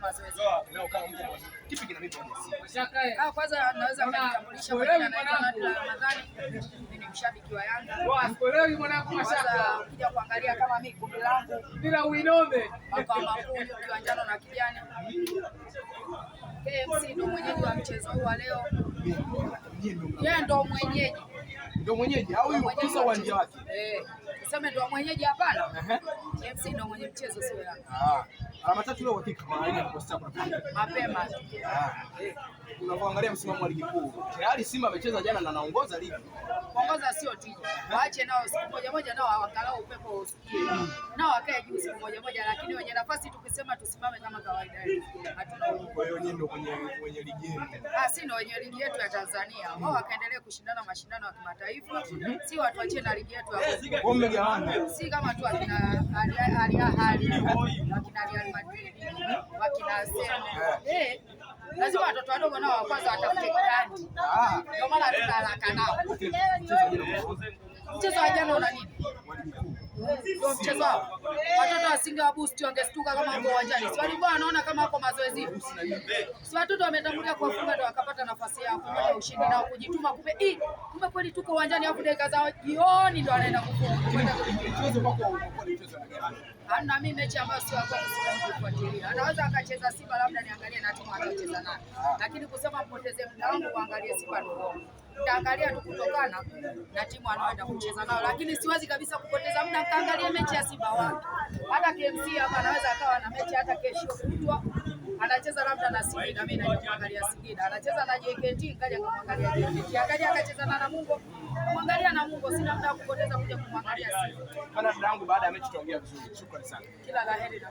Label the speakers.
Speaker 1: Ah, kwanza naweza kutambulisha ni mshabiki wa Yanga.
Speaker 2: Ukija kuangalia kama mimi kundi langu
Speaker 1: bila uinome
Speaker 2: hapa makundi kwa njano na kijani. KMC ndo mwenyeji wa mchezo huu wa leo.
Speaker 1: Yeye ndo mwenyeji. Ndo mwenyeji au yuko uwanja wake.
Speaker 2: Eh. Sema ndo mwenyeji hapana. MC ndo mwenye mchezo sio Yanga.
Speaker 1: Ah. Alama tatu leo hakika kwa aina ya Costa Mapema. Ah. Unapoangalia msimamo wa ligi kuu. Tayari Simba amecheza jana na anaongoza ligi.
Speaker 2: Kuongoza sio tija. Waache nao siku moja moja nao hawakalau upepo usikie. Nao wakae juu siku moja moja lakini wenye nafasi tukisema tusimame kama kawaida.
Speaker 1: Hatuna kwa hiyo nyinyi ndio kwenye kwenye ligi yenu.
Speaker 2: Ah, si ndio wenye ligi yetu ya Tanzania. Wao wakaendelea kushindana mashindano ya kimataifa. Mhm. Si watu wachie na ligi yetu ya si kama tu akina wakina
Speaker 1: Real
Speaker 2: Madrid wakina eh. eh, lazima watoto wadogo nao wa kwanza watafute ah. ndio maana nao. Mchezo wa jana una nini? ndio mchezo wao. Watoto wasinge wa boost wangestuka kama hapo uwanjani, si walikuwa wanaona kama hapo mazoezi, si watoto wametangulia kuwafunga ndio wakapata nafasi yao kupata ushindi na kujituma. Kumbe hii kumbe kweli tuko uwanjani, hapo dakika za jioni ndio anaenda kufunga. Hana mimi mechi ambayo sio yako kufuatilia, anaweza akacheza Simba, labda niangalie na timu atacheza nayo, lakini kusema mpoteze muda wangu kuangalia Simba ndio tutaangalia tu kutokana na timu anaoenda kucheza nao, lakini siwezi kabisa kupoteza muda nikaangalia mechi ya Simba wapi. Hata KMC hapa anaweza akawa na mechi hata kesho kutwa anacheza labda na Singida, mimi naangalia Singida, anacheza na JKT, ngaja kumwangalia JKT, Angalia akacheza na Namungo, kumwangalia Namungo. Sina muda wa kupoteza kuja kumwangalia Simba. Bana, baada ya mechi tuongea vizuri. Shukrani sana, kila la heri na